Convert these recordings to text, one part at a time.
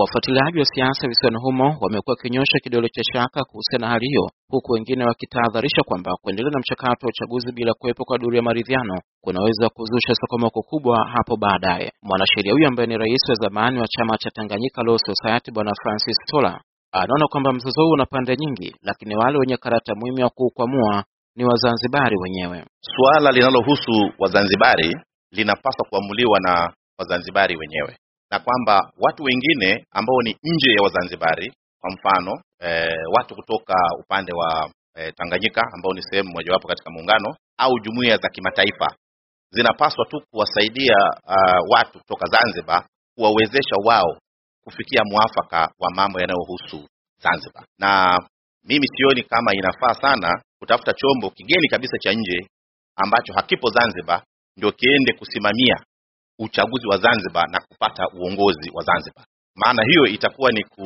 Wafuatiliaji wa siasa visiwani humo wamekuwa wakinyosha kidole cha shaka kuhusiana na hali hiyo, huku wengine wakitahadharisha kwamba kuendelea na mchakato wa uchaguzi bila kuwepo kwa duru ya maridhiano kunaweza kuzusha sokomoko kubwa hapo baadaye. Mwanasheria huyo ambaye ni rais wa zamani wa chama cha Tanganyika Law Society, Bwana Francis Tola, anaona kwamba mzozo huu una pande nyingi, lakini wale wenye karata muhimu ya kuukwamua ni Wazanzibari wenyewe. Suala linalohusu Wazanzibari linapaswa kuamuliwa na Wazanzibari wenyewe na kwamba watu wengine ambao ni nje ya Wazanzibari, kwa mfano e, watu kutoka upande wa e, Tanganyika ambao ni sehemu mojawapo katika muungano au jumuiya za kimataifa zinapaswa tu kuwasaidia uh, watu kutoka Zanzibar kuwawezesha wao kufikia mwafaka wa mambo yanayohusu Zanzibar. Na mimi sioni kama inafaa sana kutafuta chombo kigeni kabisa cha nje ambacho hakipo Zanzibar ndio kiende kusimamia uchaguzi wa Zanzibar na kupata uongozi wa Zanzibar. Maana hiyo itakuwa ni, ku,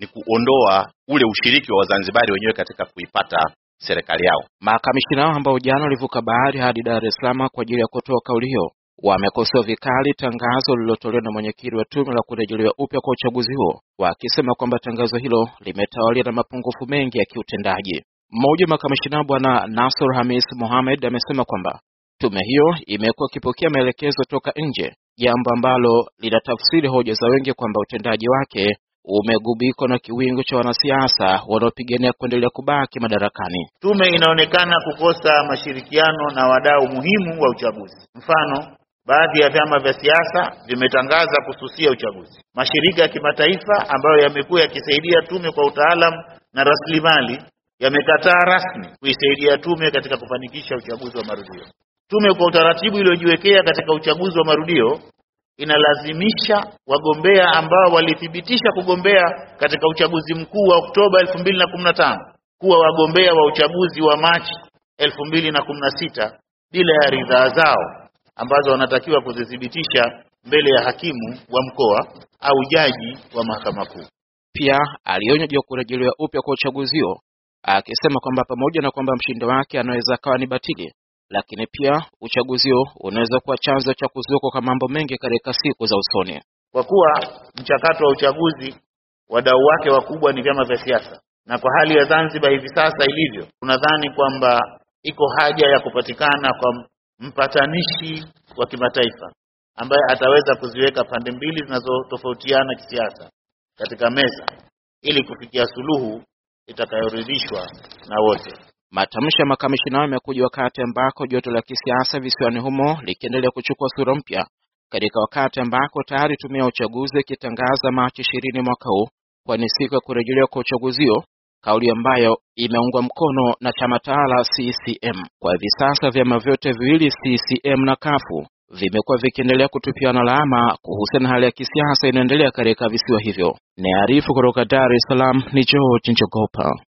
ni kuondoa ule ushiriki wa Wazanzibari wenyewe katika kuipata serikali yao. Makamishina hao ambao jana walivuka bahari hadi Dar es Salaam kwa ajili ya kutoa kauli hiyo wamekosoa vikali tangazo lililotolewa na mwenyekiti wa tume la kurejelewa upya kwa uchaguzi huo, wakisema kwamba tangazo hilo limetawaliwa na mapungufu mengi ya kiutendaji. Mmoja wa makamishina bwana Nasr Hamis Mohamed amesema kwamba Tume hiyo imekuwa ikipokea maelekezo toka nje, jambo ambalo linatafsiri hoja za wengi kwamba utendaji wake umegubikwa na kiwingu cha wanasiasa wanaopigania kuendelea kubaki madarakani. Tume inaonekana kukosa mashirikiano na wadau muhimu wa uchaguzi. Mfano, baadhi ya vyama vya siasa vimetangaza kususia uchaguzi. Mashirika ya kimataifa ambayo yamekuwa yakisaidia tume kwa utaalamu na rasilimali yamekataa rasmi kuisaidia tume katika kufanikisha uchaguzi wa marudio tume kwa utaratibu iliyojiwekea katika uchaguzi wa marudio inalazimisha wagombea ambao walithibitisha kugombea katika uchaguzi mkuu wa Oktoba 2015 kuwa wagombea wa uchaguzi wa Machi 2016 bila ya ridhaa zao ambazo wanatakiwa kuzithibitisha mbele ya hakimu wa mkoa au jaji wa mahakama kuu. Pia alionya juu ya kurejelewa upya kwa uchaguzi huo, akisema kwamba pamoja na kwamba mshindi wake anaweza akawa ni batili, lakini pia uchaguzi huo unaweza kuwa chanzo cha kuzuka kwa mambo mengi katika siku za usoni, kwa kuwa mchakato wa uchaguzi wadau wake wakubwa ni vyama vya siasa, na kwa hali ya Zanzibar hivi sasa ilivyo, tunadhani kwamba iko haja ya kupatikana kwa mpatanishi wa kimataifa ambaye ataweza kuziweka pande mbili zinazotofautiana kisiasa katika meza ili kufikia suluhu itakayoridhishwa na wote. Matamshi ya makamishina hayo yamekuja wakati ambako joto la kisiasa visiwani humo likiendelea kuchukua sura mpya katika wakati ambako tayari tume ya uchaguzi ikitangaza Machi ishirini mwaka huu kwa ni siku ya kurejelewa kwa uchaguzi huo, kauli ambayo imeungwa mkono na chama tawala CCM. Kwa hivi sasa vyama vyote viwili CCM na kafu vimekuwa vikiendelea kutupiana lawama kuhusiana na hali ya kisiasa inaendelea katika visiwa hivyo. ni arifu kutoka Dar es Salaam ni George Njogopa.